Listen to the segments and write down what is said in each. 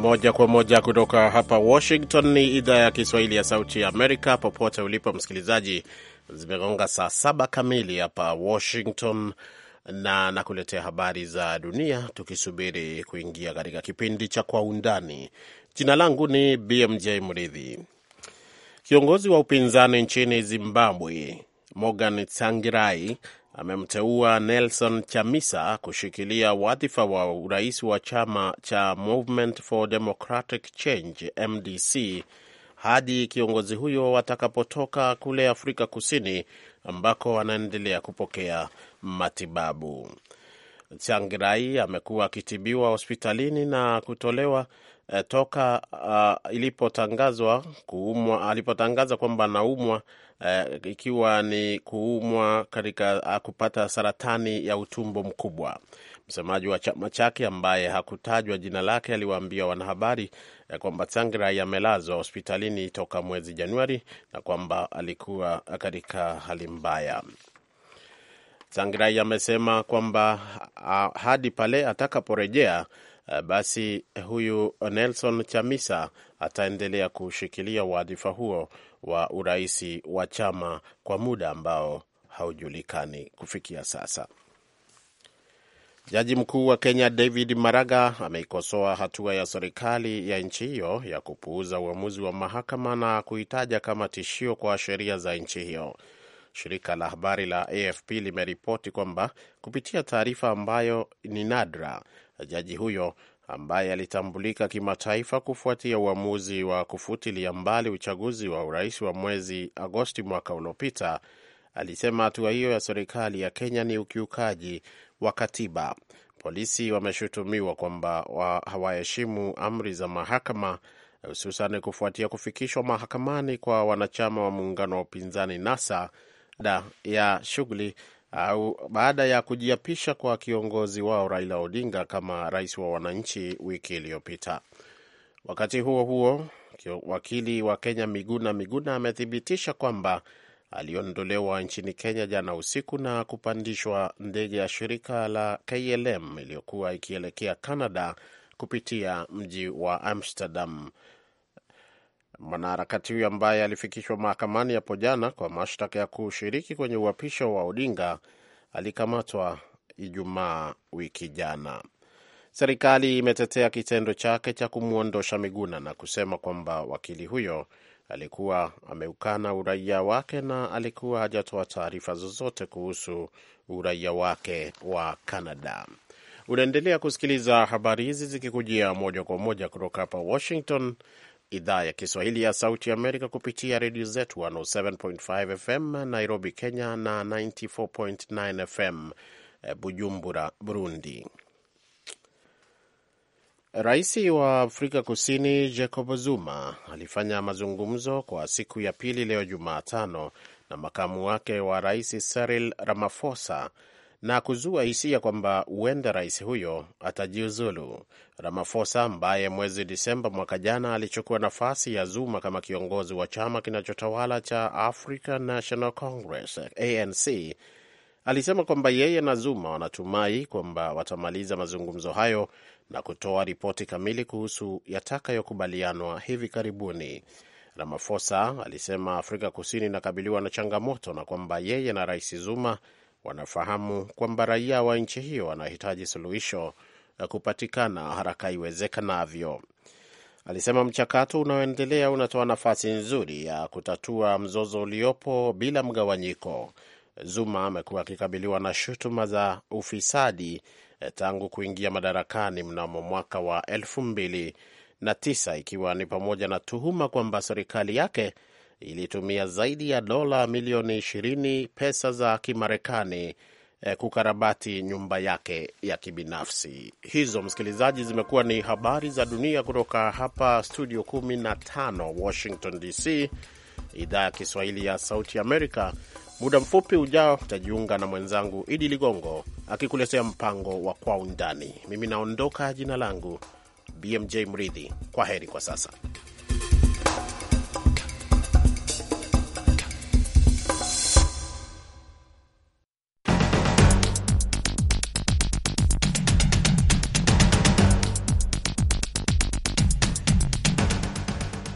Moja kwa moja kutoka hapa Washington. Ni idhaa ya Kiswahili ya Sauti ya Amerika. Popote ulipo msikilizaji, zimegonga saa saba kamili hapa Washington na nakuletea habari za dunia, tukisubiri kuingia katika kipindi cha Kwa Undani. Jina langu ni BMJ Mridhi. Kiongozi wa upinzani nchini Zimbabwe Morgan Tsangirai, amemteua Nelson Chamisa kushikilia wadhifa wa urais wa chama cha Movement for Democratic Change MDC hadi kiongozi huyo atakapotoka kule Afrika Kusini ambako anaendelea kupokea matibabu. Changirai amekuwa akitibiwa hospitalini na kutolewa eh, toka uh, ilipotangazwa kuumwa alipotangaza kwamba anaumwa uh, ikiwa ni kuumwa katika uh, kupata saratani ya utumbo mkubwa. Msemaji wa chama chake ambaye hakutajwa jina lake aliwaambia wanahabari eh, kwamba Tsvangirai amelazwa hospitalini toka mwezi Januari na kwamba alikuwa katika hali mbaya. Tsvangirai amesema kwamba ah, hadi pale atakaporejea, eh, basi huyu Nelson Chamisa ataendelea kushikilia wadhifa huo wa uraisi wa chama kwa muda ambao haujulikani kufikia sasa. Jaji mkuu wa Kenya David Maraga ameikosoa hatua ya serikali ya nchi hiyo ya kupuuza uamuzi wa mahakama na kuitaja kama tishio kwa sheria za nchi hiyo. Shirika la habari la AFP limeripoti kwamba kupitia taarifa ambayo ni nadra, jaji huyo ambaye alitambulika kimataifa kufuatia uamuzi wa kufutilia mbali uchaguzi wa urais wa mwezi Agosti mwaka uliopita, alisema hatua hiyo ya serikali ya Kenya ni ukiukaji wa katiba. Polisi wameshutumiwa kwamba wa hawaheshimu amri za mahakama hususan kufuatia kufikishwa mahakamani kwa wanachama wa muungano wa upinzani NASA da ya shughuli au baada ya kujiapisha kwa kiongozi wao Raila Odinga kama rais wa wananchi wiki iliyopita. Wakati huo huo, wakili wa Kenya Miguna Miguna amethibitisha kwamba aliondolewa nchini Kenya jana usiku na kupandishwa ndege ya shirika la KLM iliyokuwa ikielekea Canada kupitia mji wa Amsterdam Mwanaharakati huyo ambaye alifikishwa mahakamani hapo jana kwa mashtaka ya kushiriki kwenye uhapisho wa Odinga alikamatwa Ijumaa wiki jana. Serikali imetetea kitendo chake cha kumwondosha Miguna na kusema kwamba wakili huyo alikuwa ameukana uraia wake na alikuwa hajatoa taarifa zozote kuhusu uraia wake wa Canada. Unaendelea kusikiliza habari hizi zikikujia moja kwa moja kutoka hapa Washington, idhaa ya Kiswahili ya Sauti Amerika kupitia redio zetu 107.5 FM Nairobi, Kenya na 94.9 FM eh, Bujumbura, Burundi. Rais wa Afrika Kusini Jacob Zuma alifanya mazungumzo kwa siku ya pili leo Jumatano na makamu wake wa rais Cyril Ramaphosa na kuzua hisia kwamba huenda rais huyo atajiuzulu. ramafosa ambaye mwezi Disemba mwaka jana alichukua nafasi ya Zuma kama kiongozi wa chama kinachotawala cha African National Congress ANC alisema kwamba yeye na Zuma wanatumai kwamba watamaliza mazungumzo hayo na kutoa ripoti kamili kuhusu yatakayokubalianwa hivi karibuni. ramafosa alisema Afrika Kusini inakabiliwa na changamoto na kwamba yeye na Rais Zuma wanafahamu kwamba raia wa nchi hiyo wanahitaji suluhisho la kupatikana haraka iwezekanavyo. Alisema mchakato unaoendelea unatoa nafasi nzuri ya kutatua mzozo uliopo bila mgawanyiko. Zuma amekuwa akikabiliwa na shutuma za ufisadi eh, tangu kuingia madarakani mnamo mwaka wa elfu mbili na tisa ikiwa ni pamoja na tuhuma kwamba serikali yake ilitumia zaidi ya dola milioni 20 pesa za Kimarekani eh, kukarabati nyumba yake ya kibinafsi. Hizo msikilizaji, zimekuwa ni habari za dunia kutoka hapa studio 15 Washington DC, idhaa ya Kiswahili ya Sauti Amerika. Muda mfupi ujao utajiunga na mwenzangu Idi Ligongo akikuletea mpango wa Kwa Undani. Mimi naondoka, jina langu BMJ Mridhi. Kwa heri kwa sasa.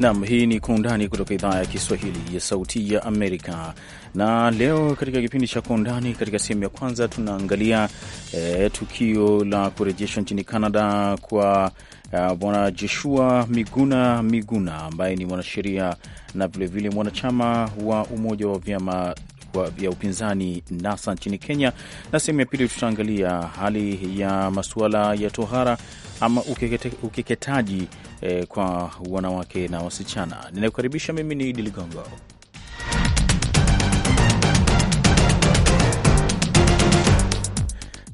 Nam, hii ni Kwa Undani kutoka idhaa ya Kiswahili ya Sauti ya Amerika. Na leo katika kipindi cha Kwa Undani, katika sehemu ya kwanza tunaangalia eh, tukio la kurejeshwa nchini Canada kwa eh, bwana Joshua Miguna Miguna ambaye ni mwanasheria na vilevile mwanachama wa umoja wa vyama vya upinzani NASA nchini Kenya, na sehemu ya pili tutaangalia hali ya masuala ya tohara ama ukeketaji eh, kwa wanawake na wasichana. Ninakukaribisha, mimi ni Idi Ligongo.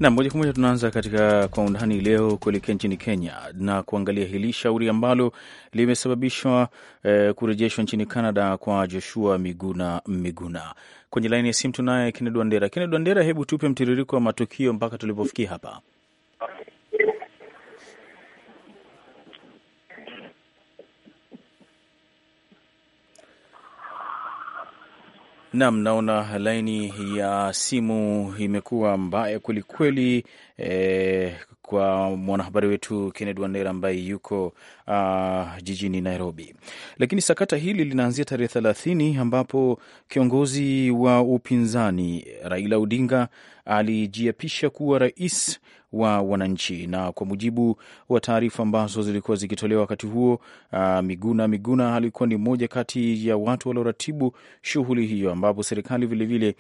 Na moja kwa moja tunaanza katika kwa undani leo kuelekea nchini Kenya na kuangalia hili shauri ambalo limesababishwa eh, kurejeshwa nchini Canada kwa Joshua Miguna Miguna. Kwenye laini ya simu tunaye Kennedy Wandera. Kennedy Wandera, hebu tupe mtiririko wa matukio mpaka tulipofikia hapa. Nam, naona laini ya simu imekuwa mbaya kwelikweli eh, kwa mwanahabari wetu Kennedy Wandera ambaye yuko uh, jijini Nairobi. Lakini sakata hili linaanzia tarehe thelathini ambapo kiongozi wa upinzani Raila Odinga alijiapisha kuwa rais wa wananchi. Na kwa mujibu wa taarifa ambazo zilikuwa zikitolewa wakati huo, uh, Miguna Miguna alikuwa ni mmoja kati ya watu walioratibu shughuli hiyo, ambapo serikali vilevile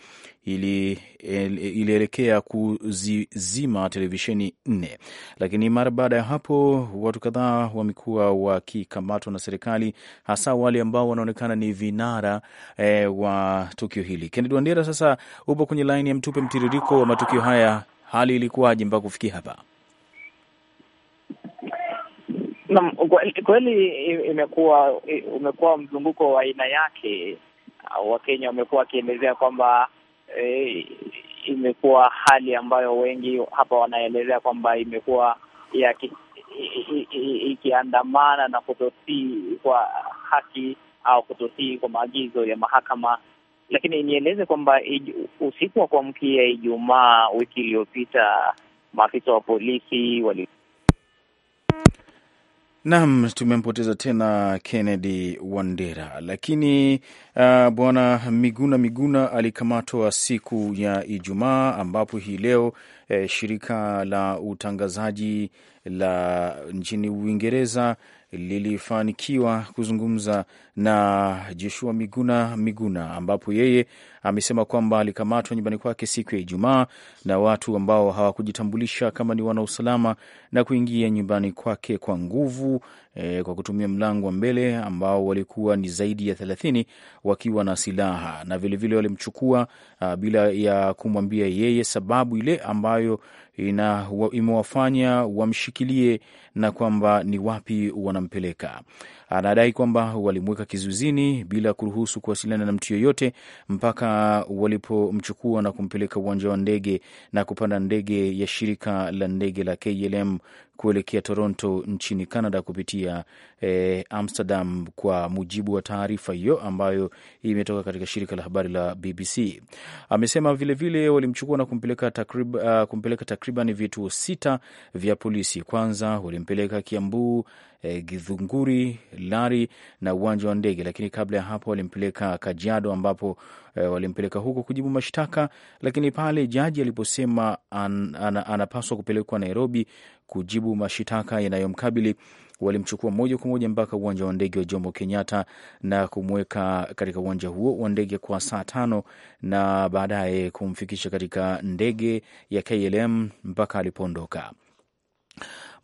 ilielekea kuzizima televisheni nne, lakini mara baada ya hapo watu kadhaa wamekuwa wakikamatwa na serikali, hasa wale ambao wanaonekana ni vinara eh, wa tukio hili. Kennedy Wandera sasa upo kwenye laini ya mtupe mtiririko wa matukio haya hali ilikuwaje mpaka kufikia hapa? Naam, kweli imekuwa umekuwa mzunguko wa aina yake. Uh, Wakenya wamekuwa wakielezea kwamba eh, imekuwa hali ambayo wengi hapa wanaelezea kwamba imekuwa ikiandamana na kutotii kwa haki au kutotii kwa maagizo ya mahakama lakini nieleze kwamba usiku wa kuamkia Ijumaa wiki iliyopita maafisa wa polisi wali Naam, tumempoteza tena Kennedy Wandera, lakini uh, bwana Miguna Miguna alikamatwa siku ya Ijumaa, ambapo hii leo eh, shirika la utangazaji la nchini Uingereza lilifanikiwa kuzungumza na Joshua Miguna Miguna, ambapo yeye amesema kwamba alikamatwa nyumbani kwake siku ya Ijumaa na watu ambao hawakujitambulisha kama ni wanausalama na kuingia nyumbani kwake kwa nguvu e, kwa kutumia mlango wa mbele ambao walikuwa ni zaidi ya thelathini wakiwa na silaha na vilevile walimchukua bila ya kumwambia yeye sababu ile ambayo ina imewafanya wamshikilie na kwamba ni wapi wanampeleka. Anadai kwamba walimweka kizuizini bila kuruhusu kuwasiliana na mtu yoyote mpaka walipomchukua na kumpeleka uwanja wa ndege na kupanda ndege ya shirika la ndege la KLM kuelekea Toronto nchini Canada kupitia eh, Amsterdam, kwa mujibu wa taarifa hiyo ambayo imetoka katika shirika la habari la BBC. Amesema vilevile walimchukua na kumpeleka takrib, uh, kumpeleka takriban vituo sita vya polisi. Kwanza walimpeleka Kiambu, eh, Githunguri, Lari na uwanja wa ndege, lakini kabla ya hapo walimpeleka Kajiado ambapo eh, walimpeleka huko kujibu mashtaka, lakini pale jaji aliposema an, an, anapaswa kupelekwa Nairobi kujibu mashitaka yanayomkabili walimchukua moja kwa moja mpaka uwanja wa ndege wa Jomo Kenyatta na kumweka katika uwanja huo wa ndege kwa saa tano na baadaye kumfikisha katika ndege ya KLM mpaka alipoondoka.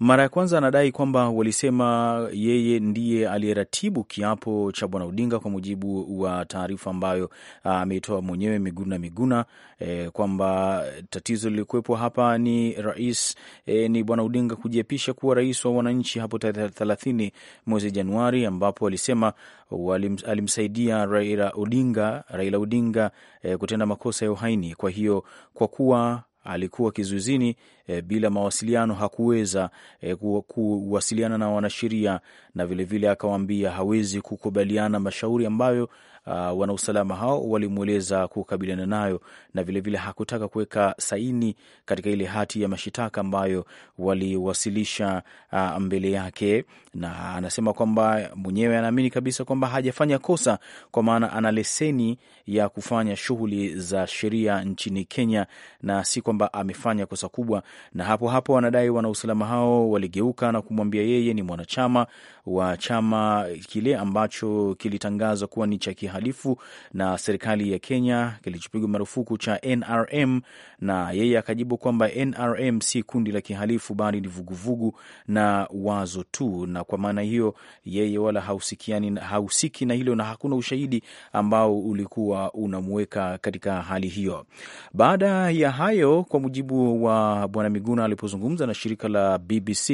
Mara ya kwanza anadai kwamba walisema yeye ndiye aliyeratibu kiapo cha bwana Odinga, kwa mujibu wa taarifa ambayo ah, ameitoa mwenyewe Miguna Miguna eh, e, kwamba tatizo lilikuwepo hapa ni rais e, ni bwana Odinga kujiapisha kuwa rais wa wananchi hapo tarehe thelathini mwezi Januari, ambapo alisema walim, alimsaidia Raila Odinga, Raila Odinga e, kutenda makosa ya uhaini. Kwa hiyo kwa kuwa alikuwa kizuizini e, eh, bila mawasiliano hakuweza e, kuwasiliana na wanasheria na vilevile, akawaambia hawezi kukubaliana mashauri ambayo uh, wanausalama hao walimweleza kukabiliana nayo, na vilevile vile hakutaka kuweka saini katika ile hati ya mashitaka ambayo waliwasilisha uh, mbele yake, na anasema kwamba mwenyewe anaamini kabisa kwamba hajafanya kosa, kwa maana ana leseni ya kufanya shughuli za sheria nchini Kenya na si kwamba amefanya kosa kubwa. Na hapo hapo anadai wanausalama hao waligeuka na kumwambia yeye ni mwanachama wa chama kile ambacho kilitangazwa kuwa ni cha kihalifu na serikali ya Kenya kilichopigwa marufuku cha NRM, na yeye akajibu kwamba NRM si kundi la kihalifu bali ni vuguvugu na wazo tu, na kwa maana hiyo yeye wala hausikiani, hausiki na hilo na hakuna ushahidi ambao ulikuwa unamuweka katika hali hiyo. Baada ya hayo, kwa mujibu wa Bwana Miguna alipozungumza na shirika la BBC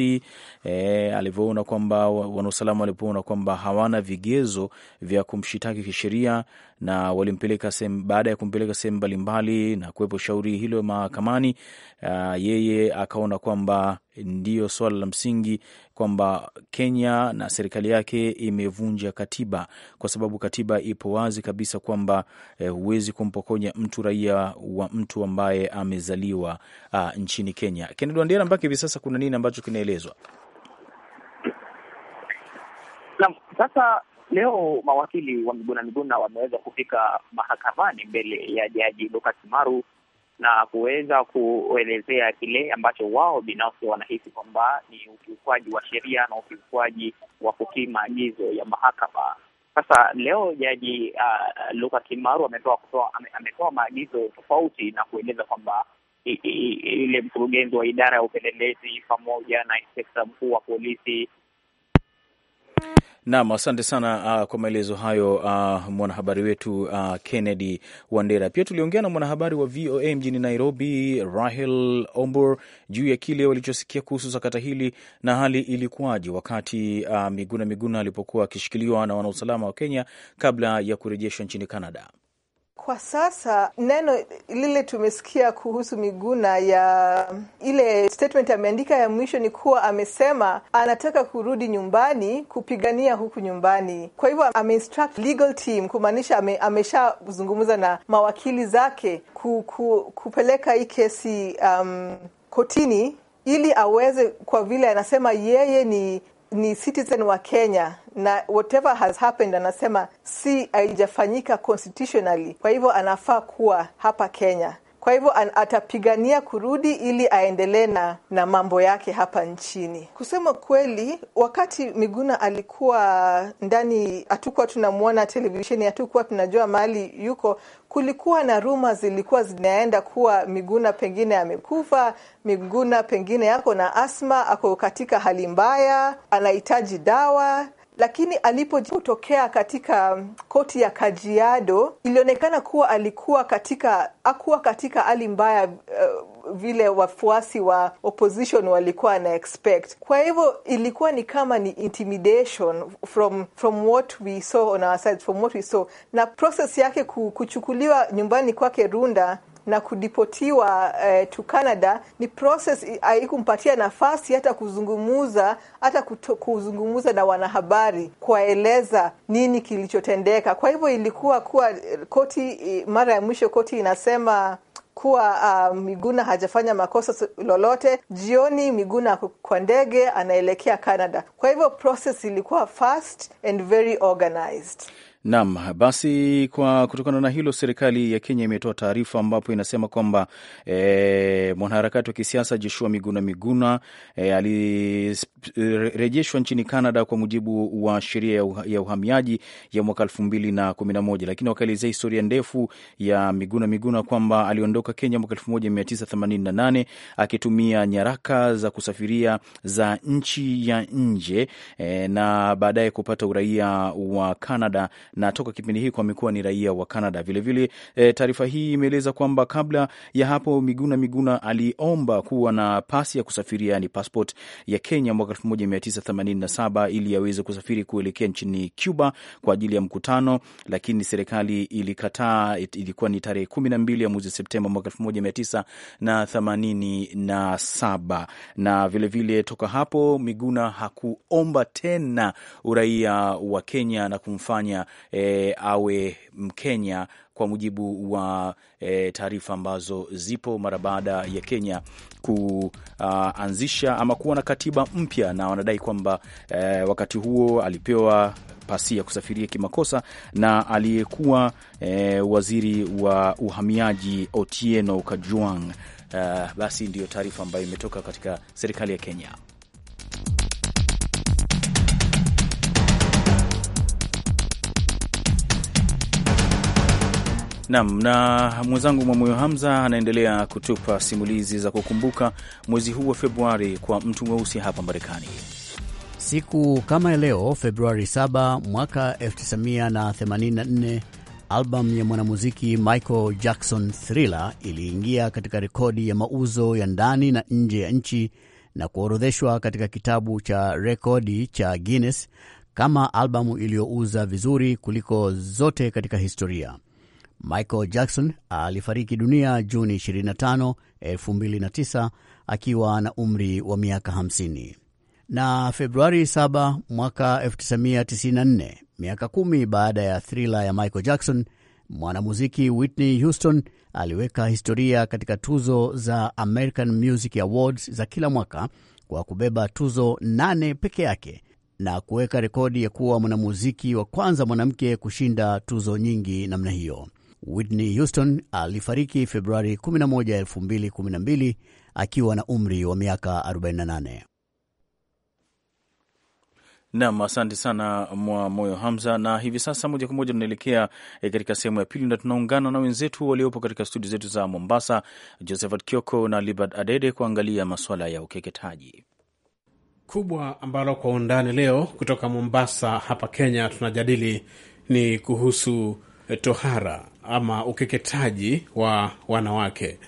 e, alivyoona kwamba wanausalama walipoona kwamba hawana vigezo vya kumshitaki kisheria sheria na walimpeleka sehemu, baada ya kumpeleka sehemu mbalimbali na kuwepo shauri hilo mahakamani, uh, yeye akaona kwamba ndiyo swala la msingi kwamba Kenya na serikali yake imevunja katiba, kwa sababu katiba ipo wazi kabisa kwamba eh, huwezi eh, kumpokonya mtu raia wa mtu ambaye amezaliwa uh, nchini Kenya. Kennedy Wandera, mpaka hivi sasa kuna nini ambacho kinaelezwa? sasa Leo mawakili wa Miguna Miguna wameweza kufika mahakamani mbele ya jaji Luka Kimaru na kuweza kuelezea kile ambacho wao binafsi wanahisi kwamba ni ukiukwaji wa sheria na ukiukwaji wa kutii maagizo ya mahakama. Sasa leo jaji uh, Luka Kimaru ametoa ametoa maagizo tofauti na kueleza kwamba ile mkurugenzi wa idara ya upelelezi pamoja na inspekta mkuu wa polisi Nam, asante sana uh, kwa maelezo hayo uh, mwanahabari wetu uh, Kennedy Wandera. Pia tuliongea na mwanahabari wa VOA mjini Nairobi, Rahel Ombor, juu ya kile walichosikia kuhusu sakata hili na hali ilikuwaje wakati uh, Miguna Miguna alipokuwa akishikiliwa na wanausalama wa Kenya kabla ya kurejeshwa nchini Canada kwa sasa neno lile tumesikia kuhusu Miguna ya ile statement ameandika ya mwisho ni kuwa amesema anataka kurudi nyumbani kupigania huku nyumbani. Kwa hivyo ameinstruct legal team kumaanisha ame, ameshazungumza na mawakili zake ku, ku, kupeleka hii kesi um, kotini ili aweze, kwa vile anasema yeye ni ni citizen wa Kenya na whatever has happened, anasema si haijafanyika constitutionally, kwa hivyo anafaa kuwa hapa Kenya. Kwa hivyo atapigania kurudi ili aendelee na, na mambo yake hapa nchini. Kusema kweli, wakati Miguna alikuwa ndani, hatukuwa tunamwona televisheni, hatukuwa tunajua mahali yuko. Kulikuwa na ruma zilikuwa zinaenda kuwa Miguna pengine amekufa, Miguna pengine yako na asma, ako katika hali mbaya, anahitaji dawa lakini alipotokea katika mm, koti ya Kajiado ilionekana kuwa alikuwa katika akuwa katika hali mbaya uh, vile wafuasi wa opposition walikuwa na expect. Kwa hivyo ilikuwa ni kama ni intimidation from from what we saw on our side, from what we saw, na process yake kuchukuliwa nyumbani kwake Runda na kudipotiwa eh, to Canada ni process haikumpatia nafasi hata kuzungumuza hata kuto, kuzungumuza na wanahabari kuwaeleza nini kilichotendeka. Kwa hivyo ilikuwa kuwa eh, koti mara ya mwisho koti inasema kuwa uh, Miguna hajafanya makosa lolote. Jioni Miguna kwa ndege anaelekea Canada. Kwa hivyo process ilikuwa fast and very organized. Naam, basi kwa kutokana na hilo, serikali ya Kenya imetoa taarifa ambapo inasema kwamba e, mwanaharakati wa kisiasa Joshua Miguna Miguna e, eh, alirejeshwa nchini Canada kwa mujibu wa sheria ya uhamiaji ya mwaka elfu mbili na kumi na moja, lakini wakaelezea historia ndefu ya Miguna Miguna kwamba aliondoka Kenya mwaka elfu moja mia tisa themanini na nane akitumia nyaraka za kusafiria za nchi ya nje e, na baadaye kupata uraia wa Canada na toka kipindi hiko amekuwa ni raia wa Canada. Vilevile e, eh, taarifa hii imeeleza kwamba kabla ya hapo Miguna Miguna aliomba kuwa na pasi ya kusafiria yani passport ya Kenya mwaka 1987 ili aweze kusafiri kuelekea nchini Cuba kwa ajili ya mkutano, lakini serikali ilikataa. Ilikuwa ni tarehe 12 ya mwezi Septemba mwaka 1987, na vilevile vile toka hapo Miguna hakuomba tena uraia wa Kenya na kumfanya e, awe Mkenya kwa mujibu wa e, taarifa ambazo zipo mara baada ya Kenya kuanzisha ama kuwa na katiba mpya, na wanadai kwamba e, wakati huo alipewa pasi ya kusafiria kimakosa na aliyekuwa e, waziri wa uhamiaji Otieno Kajwang'. Uh, e, basi ndiyo taarifa ambayo imetoka katika serikali ya Kenya. Nam na mwenzangu Mwamoyo Hamza anaendelea kutupa simulizi za kukumbuka mwezi huu wa Februari kwa mtu mweusi hapa Marekani. Siku kama leo Februari 7 mwaka 1984 albamu ya mwanamuziki Michael Jackson Thriller iliingia katika rekodi ya mauzo ya ndani na nje ya nchi na kuorodheshwa katika kitabu cha rekodi cha Guinness kama albamu iliyouza vizuri kuliko zote katika historia. Michael Jackson alifariki dunia Juni 25, 2009 akiwa na umri wa miaka 50. Na Februari 7 mwaka 1994, miaka kumi baada ya thriller ya Michael Jackson, mwanamuziki Whitney Houston aliweka historia katika tuzo za American Music Awards za kila mwaka kwa kubeba tuzo nane peke yake na kuweka rekodi ya kuwa mwanamuziki wa kwanza mwanamke kushinda tuzo nyingi namna hiyo. Whitney Houston alifariki Februari 11, 2012 akiwa na umri wa miaka 48. Nam, asante sana mwa moyo Hamza. Na hivi sasa moja kwa moja tunaelekea e, katika sehemu ya pili, na tunaungana na wenzetu waliopo katika studio zetu za Mombasa, Josephat Kioko na Libert Adede kuangalia masuala ya ukeketaji kubwa ambalo kwa undani leo kutoka Mombasa hapa Kenya tunajadili ni kuhusu eh, tohara ama ukeketaji wa wanawake.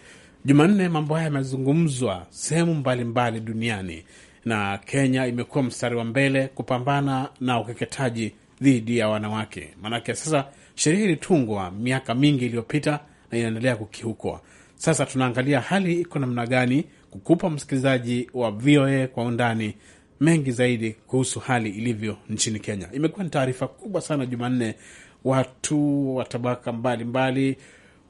Jumanne, mambo haya yamezungumzwa sehemu mbalimbali duniani na Kenya imekuwa mstari wa mbele kupambana na ukeketaji dhidi ya wanawake. Maanake sasa sheria ilitungwa miaka mingi iliyopita na inaendelea kukiukwa. Sasa tunaangalia hali iko namna gani, kukupa msikilizaji wa VOA kwa undani mengi zaidi kuhusu hali ilivyo nchini Kenya. Imekuwa ni taarifa kubwa sana Jumanne, watu wa tabaka mbalimbali,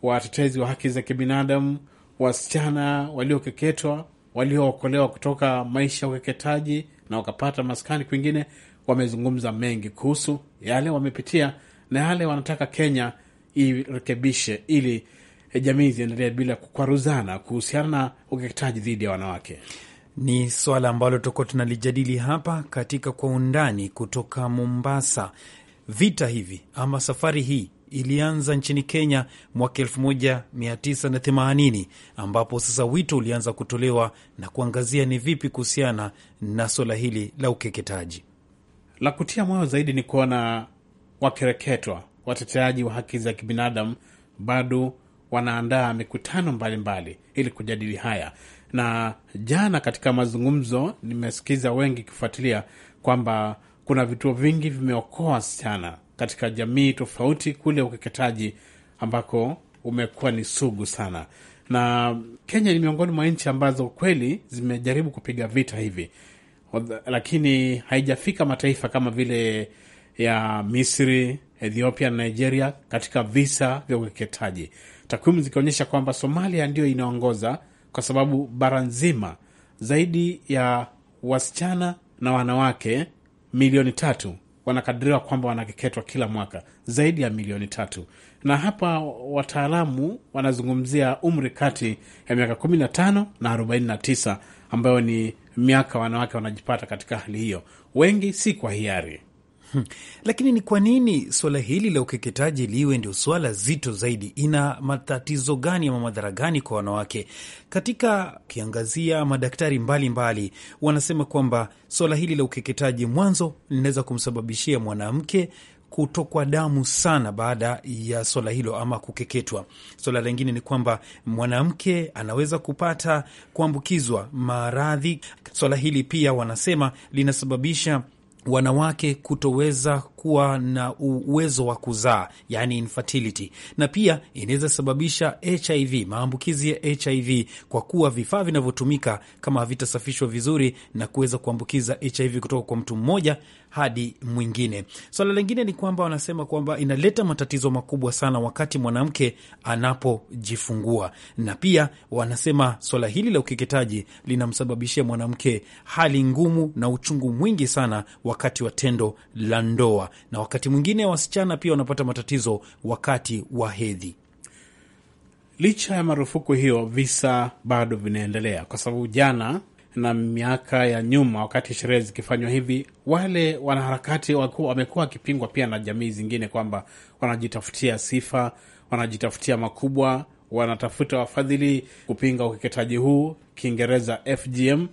watetezi wa haki za kibinadamu, wasichana waliokeketwa, waliookolewa kutoka maisha ya ukeketaji na wakapata maskani kwingine, wamezungumza mengi kuhusu yale wamepitia na yale wanataka Kenya irekebishe ili jamii ziendelee bila kukwaruzana kuhusiana na ukeketaji dhidi ya wanawake. Ni swala ambalo tukuwa tunalijadili hapa katika Kwa Undani kutoka Mombasa. Vita hivi ama safari hii ilianza nchini Kenya mwaka 1980 ambapo sasa wito ulianza kutolewa na kuangazia ni vipi kuhusiana na suala hili la ukeketaji. La kutia moyo zaidi ni kuona wakireketwa, wateteaji wa haki za kibinadamu bado wanaandaa mikutano mbalimbali ili kujadili haya. Na jana katika mazungumzo, nimesikiza wengi kifuatilia kwamba kuna vituo vingi vimeokoa wasichana katika jamii tofauti kule ukeketaji ambako umekuwa ni sugu sana, na Kenya ni miongoni mwa nchi ambazo kweli zimejaribu kupiga vita hivi, lakini haijafika mataifa kama vile ya Misri, Ethiopia na Nigeria katika visa vya ukeketaji, takwimu zikionyesha kwamba Somalia ndiyo inaongoza kwa sababu bara nzima zaidi ya wasichana na wanawake milioni tatu wanakadiriwa kwamba wanakeketwa kila mwaka zaidi ya milioni tatu na hapa wataalamu wanazungumzia umri kati ya miaka kumi na tano na arobaini na tisa ambayo ni miaka wanawake wanajipata katika hali hiyo, wengi si kwa hiari. Hmm. Lakini ni kwa nini suala hili la ukeketaji liwe ndio swala zito zaidi? Ina matatizo gani ama madhara gani kwa wanawake? Katika ukiangazia madaktari mbalimbali mbali, wanasema kwamba swala hili la ukeketaji mwanzo linaweza kumsababishia mwanamke kutokwa damu sana baada ya swala hilo ama kukeketwa. Swala lingine ni kwamba mwanamke anaweza kupata kuambukizwa maradhi. Swala hili pia wanasema linasababisha wanawake kutoweza kuwa na uwezo wa kuzaa, yani infertility, na pia inaweza sababisha HIV, maambukizi ya HIV, kwa kuwa vifaa vinavyotumika kama havitasafishwa vizuri na kuweza kuambukiza HIV kutoka kwa mtu mmoja hadi mwingine. Swala so, lingine ni kwamba wanasema kwamba inaleta matatizo makubwa sana wakati mwanamke anapojifungua, na pia wanasema swala hili la ukeketaji linamsababishia mwanamke hali ngumu na uchungu mwingi sana wakati wa tendo la ndoa, na wakati mwingine wasichana pia wanapata matatizo wakati wa hedhi. Licha ya marufuku hiyo, visa bado vinaendelea, kwa sababu jana na miaka ya nyuma, wakati sherehe zikifanywa hivi, wale wanaharakati wamekuwa wakipingwa pia na jamii zingine kwamba wanajitafutia sifa, wanajitafutia makubwa, wanatafuta wafadhili kupinga ukeketaji huu, Kiingereza FGM.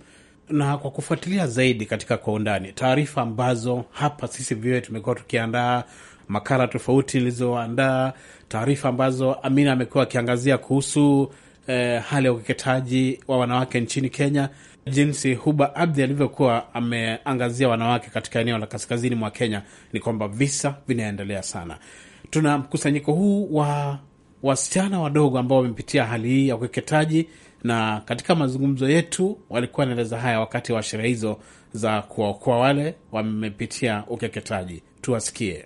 Na kwa kufuatilia zaidi katika kwa undani taarifa ambazo hapa sisi vyote tumekuwa tukiandaa makala tofauti nilizoandaa, taarifa ambazo Amina amekuwa akiangazia kuhusu eh, hali ya ukeketaji wa wanawake nchini Kenya, jinsi Huba Abdi alivyokuwa ameangazia wanawake katika eneo la kaskazini mwa Kenya, ni kwamba visa vinaendelea sana. Tuna mkusanyiko huu wa wasichana wadogo ambao wamepitia hali hii ya ukeketaji, na katika mazungumzo yetu walikuwa wanaeleza haya wakati wa sherehe hizo za kuwaokoa wale wamepitia ukeketaji. Tuwasikie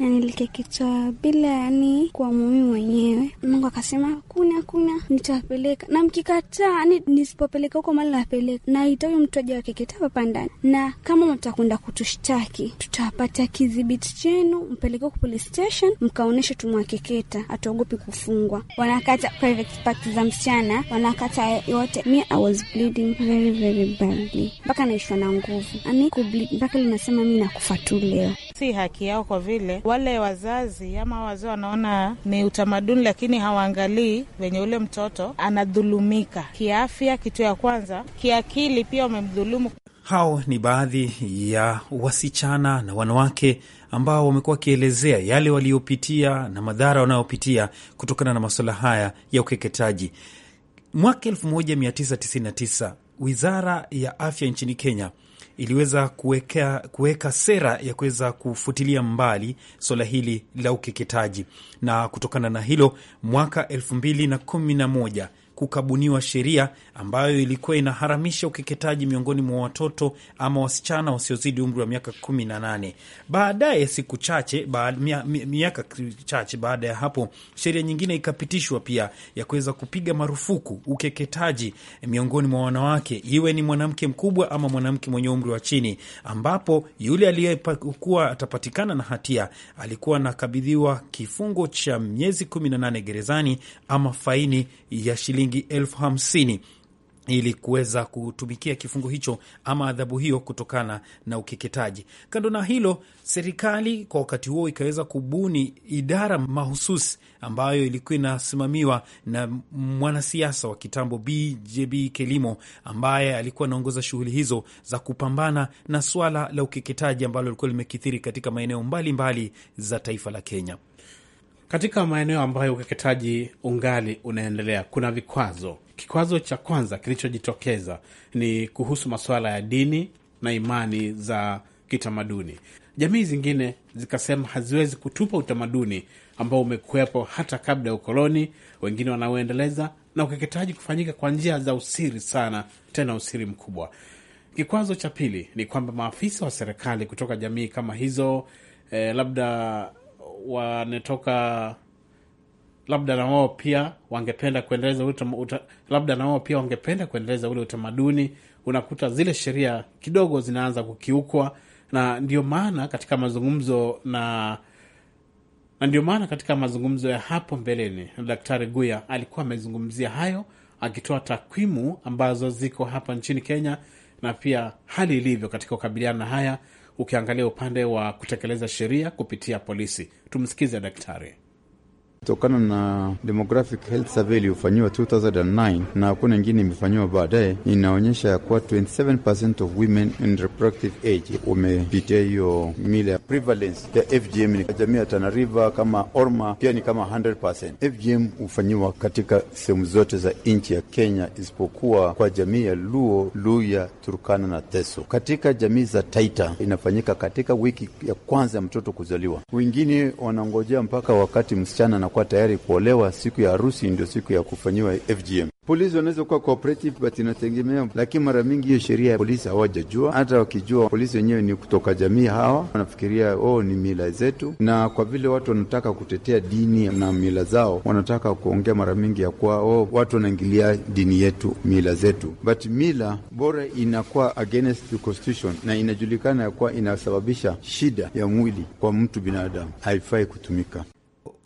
yani nilikekitoa bila yani kwa mumi mwenyewe. Mungu akasema kuna kuna nitapeleka na mkikataa yani nisipopeleka huko mali napeleka na itayo mtu aja wakikita hapa ndani, na kama mtakwenda kutushtaki tutapata kidhibiti chenu, mpeleke huko police station, mkaoneshe tumwakeketa, atuogopi kufungwa. Wanakata private part za msichana, wanakata yote. Mi I was bleeding very very badly, mpaka naishwa na nguvu ani kubleed mpaka linasema mi nakufa tu leo si haki yao, kwa vile wale wazazi ama wazee wanaona ni utamaduni, lakini hawaangalii venye ule mtoto anadhulumika kiafya, kitu ya kwanza, kiakili pia wamemdhulumu. Hao ni baadhi ya wasichana na wanawake ambao wamekuwa wakielezea yale waliyopitia na madhara wanayopitia kutokana na masuala haya ya ukeketaji. Mwaka 1999 wizara ya afya nchini Kenya iliweza kuweka, kuweka sera ya kuweza kufutilia mbali swala hili la ukeketaji, na kutokana na hilo mwaka elfu mbili na kumi na moja kukabuniwa sheria ambayo ilikuwa inaharamisha ukeketaji miongoni mwa watoto ama wasichana wasiozidi umri wa miaka kumi na nane. Baadaye siku chache ba, mia, miaka chache baada ya hapo sheria nyingine ikapitishwa pia ya kuweza kupiga marufuku ukeketaji miongoni mwa wanawake, iwe ni mwanamke mkubwa ama mwanamke mwenye umri wa chini, ambapo yule aliyekuwa atapatikana na hatia alikuwa anakabidhiwa kifungo cha miezi nane gerezani ama faini ya shilingi shilingi elfu hamsini ili kuweza kutumikia kifungo hicho ama adhabu hiyo kutokana na ukeketaji. Kando na hilo, serikali kwa wakati huo ikaweza kubuni idara mahususi ambayo ilikuwa inasimamiwa na mwanasiasa wa kitambo BJB Kelimo, ambaye alikuwa anaongoza shughuli hizo za kupambana na swala la ukeketaji ambalo lilikuwa limekithiri katika maeneo mbalimbali za taifa la Kenya. Katika maeneo ambayo ukeketaji ungali unaendelea, kuna vikwazo. Kikwazo cha kwanza kilichojitokeza ni kuhusu masuala ya dini na imani za kitamaduni. Jamii zingine zikasema haziwezi kutupa utamaduni ambao umekuwepo hata kabla ya ukoloni, wengine wanaoendeleza, na ukeketaji kufanyika kwa njia za usiri sana, tena usiri mkubwa. Kikwazo cha pili ni kwamba maafisa wa serikali kutoka jamii kama hizo, eh, labda wanetoka labda na wao pia wangependa kuendeleza ule uta, labda na wao pia wangependa kuendeleza ule utamaduni. Unakuta zile sheria kidogo zinaanza kukiukwa, na ndio maana katika mazungumzo na na ndio maana katika mazungumzo ya hapo mbeleni Daktari Guya alikuwa amezungumzia hayo akitoa takwimu ambazo ziko hapa nchini Kenya na pia hali ilivyo katika kukabiliana na haya ukiangalia upande wa kutekeleza sheria kupitia polisi. Tumsikize daktari kutokana na demographic health survey iliyofanyiwa 2009 na hakuna ingine imefanyiwa baadaye, inaonyesha ya kuwa 27% of women in reproductive age wamepitia hiyo mila ya prevalence ya FGM. Jamii ya Tana River kama Orma pia ni kama 100%. FGM hufanyiwa katika sehemu zote za nchi ya Kenya isipokuwa kwa jamii ya Luo, Luya, Turkana na Teso. Katika jamii za Taita inafanyika katika wiki ya kwanza ya mtoto kuzaliwa, wengine wanangojea mpaka wakati msichana na anakuwa tayari kuolewa, siku ya harusi ndio siku ya kufanyiwa FGM. Polisi wanaweza kuwa cooperative but inategemea, lakini mara mingi hiyo sheria ya polisi hawajajua. Hata wakijua, polisi wenyewe ni kutoka jamii, hawa wanafikiria oh, ni mila zetu, na kwa vile watu wanataka kutetea dini na mila zao, wanataka kuongea mara mingi ya kuwa oh, watu wanaingilia dini yetu, mila zetu, but mila bora inakuwa against the constitution na inajulikana ya kuwa inasababisha shida ya mwili kwa mtu binadamu, haifai kutumika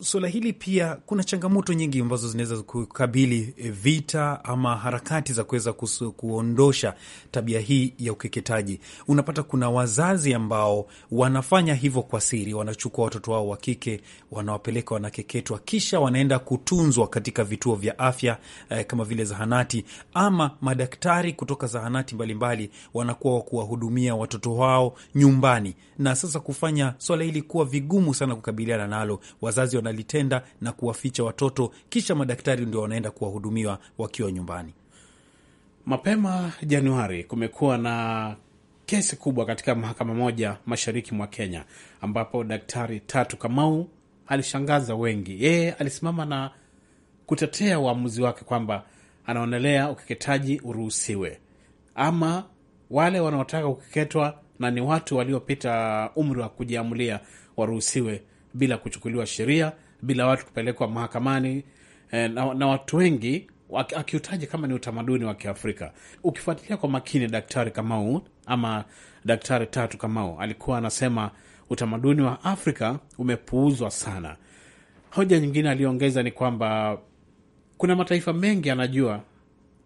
suala hili pia kuna changamoto nyingi ambazo zinaweza kukabili eh, vita ama harakati za kuweza kuondosha tabia hii ya ukeketaji. Unapata kuna wazazi ambao wanafanya hivyo kwa siri, wanachukua watoto wao wa kike, wanawapeleka, wanakeketwa, kisha wanaenda kutunzwa katika vituo vya afya eh, kama vile zahanati ama madaktari kutoka zahanati mbalimbali wanakuwa wakuwahudumia watoto wao nyumbani, na sasa kufanya swala hili kuwa vigumu sana kukabiliana nalo, wazazi wana alitenda na kuwaficha watoto, kisha madaktari ndio wanaenda kuwahudumiwa wakiwa nyumbani. Mapema Januari kumekuwa na kesi kubwa katika mahakama moja mashariki mwa Kenya, ambapo daktari Tatu Kamau alishangaza wengi. Yeye alisimama na kutetea uamuzi wake kwamba anaonelea ukeketaji uruhusiwe, ama wale wanaotaka kukeketwa na ni watu waliopita umri wa kujiamulia waruhusiwe bila kuchukuliwa sheria bila watu kupelekwa mahakamani eh, na, na watu wengi akiutaji kama ni utamaduni wa Kiafrika. Ukifuatilia kwa makini, Daktari Kamau ama Daktari Tatu Kamau alikuwa anasema utamaduni wa Afrika umepuuzwa sana. Hoja nyingine aliyoongeza ni kwamba kuna mataifa mengi yanajua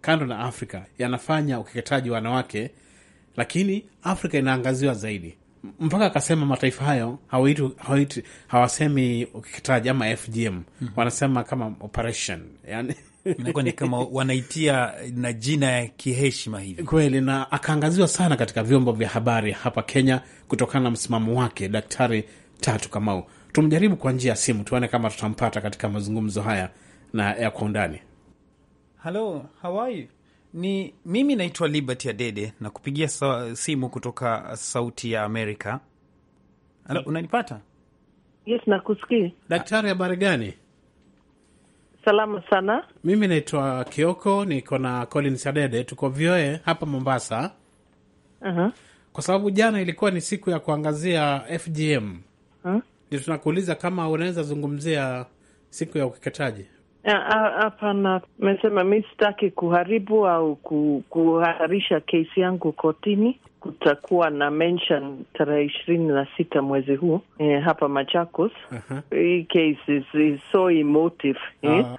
kando na Afrika yanafanya ukeketaji wanawake, lakini Afrika inaangaziwa zaidi mpaka akasema mataifa hayo hawaitu, hawaitu, hawasemi ukikitaji ama FGM mm -hmm. wanasema kama operation yani inakuwa ni kama wanaitia na jina ya kiheshima hivi kweli, na akaangaziwa sana katika vyombo vya habari hapa Kenya kutokana na msimamo wake. Daktari Tatu Kamau, tumjaribu kwa njia ya simu tuone kama tutampata katika mazungumzo haya na ya kwa undani. Halo, ni mimi naitwa Liberty Adede na kupigia sa, simu kutoka Sauti ya Amerika. Unanipata? Yes, nakusikia daktari. Habari gani? Salama sana. Mimi naitwa Kioko, niko na Collins Adede, tuko vyoe hapa Mombasa. uh -huh. Kwa sababu jana ilikuwa ni siku ya kuangazia FGM, ndio uh -huh. tunakuuliza kama unaweza zungumzia siku ya ukeketaji Hapana, amesema mi sitaki kuharibu au kuharisha kesi yangu kotini. Kutakuwa na mention tarehe ishirini na sita mwezi huu eh, hapa Machakos. Uh-huh. Hii case is, is so emotive eh? Ah.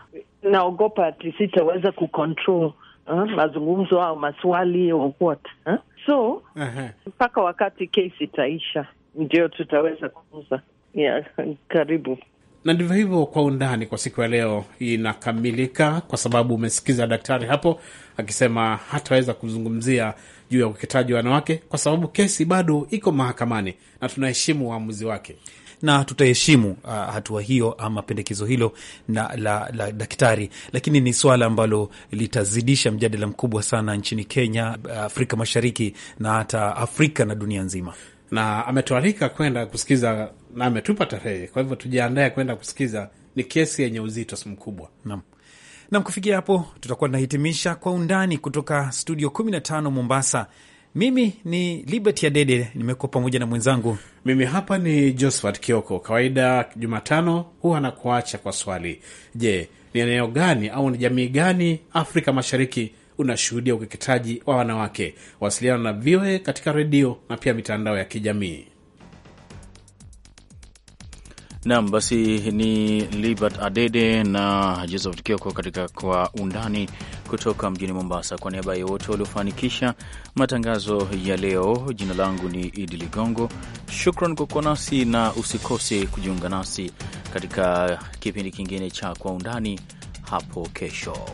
Naogopa ati sitaweza kucontrol eh, mazungumzo au maswali or what eh? So uh-huh. mpaka wakati kesi itaisha ndio tutaweza kuuza. Yeah, karibu na ndivyo hivyo. Kwa undani kwa siku ya leo inakamilika, kwa sababu umesikiza daktari hapo akisema hataweza kuzungumzia juu ya ukeketaji wanawake kwa sababu kesi bado iko mahakamani na tunaheshimu uamuzi wa wake na tutaheshimu uh, hatua hiyo ama pendekezo hilo na, la, la daktari, lakini ni swala ambalo litazidisha mjadala mkubwa sana nchini Kenya, uh, Afrika Mashariki na hata Afrika na dunia nzima na ametualika kwenda kusikiza na ametupa tarehe, kwa hivyo tujiandae kwenda kusikiza. Ni kesi yenye uzito mkubwa. Naam. Nam, kufikia hapo tutakuwa tunahitimisha Kwa Undani kutoka studio 15 Mombasa. Mimi ni Liberty Adede, nimekuwa pamoja na mwenzangu. Mimi hapa ni Josephat Kioko. Kawaida Jumatano huwa nakuacha kwa swali. Je, ni eneo gani au ni jamii gani Afrika Mashariki unashuhudia ukeketaji wa wanawake? Wasiliana na VOA katika redio na pia mitandao ya kijamii. Nam basi, ni Libert Adede na Joseph Kioko katika Kwa Undani kutoka mjini Mombasa. Kwa niaba ya wote waliofanikisha matangazo ya leo, jina langu ni Idi Ligongo. Shukran kwa kuwa nasi na usikose kujiunga nasi katika kipindi kingine cha Kwa Undani hapo kesho.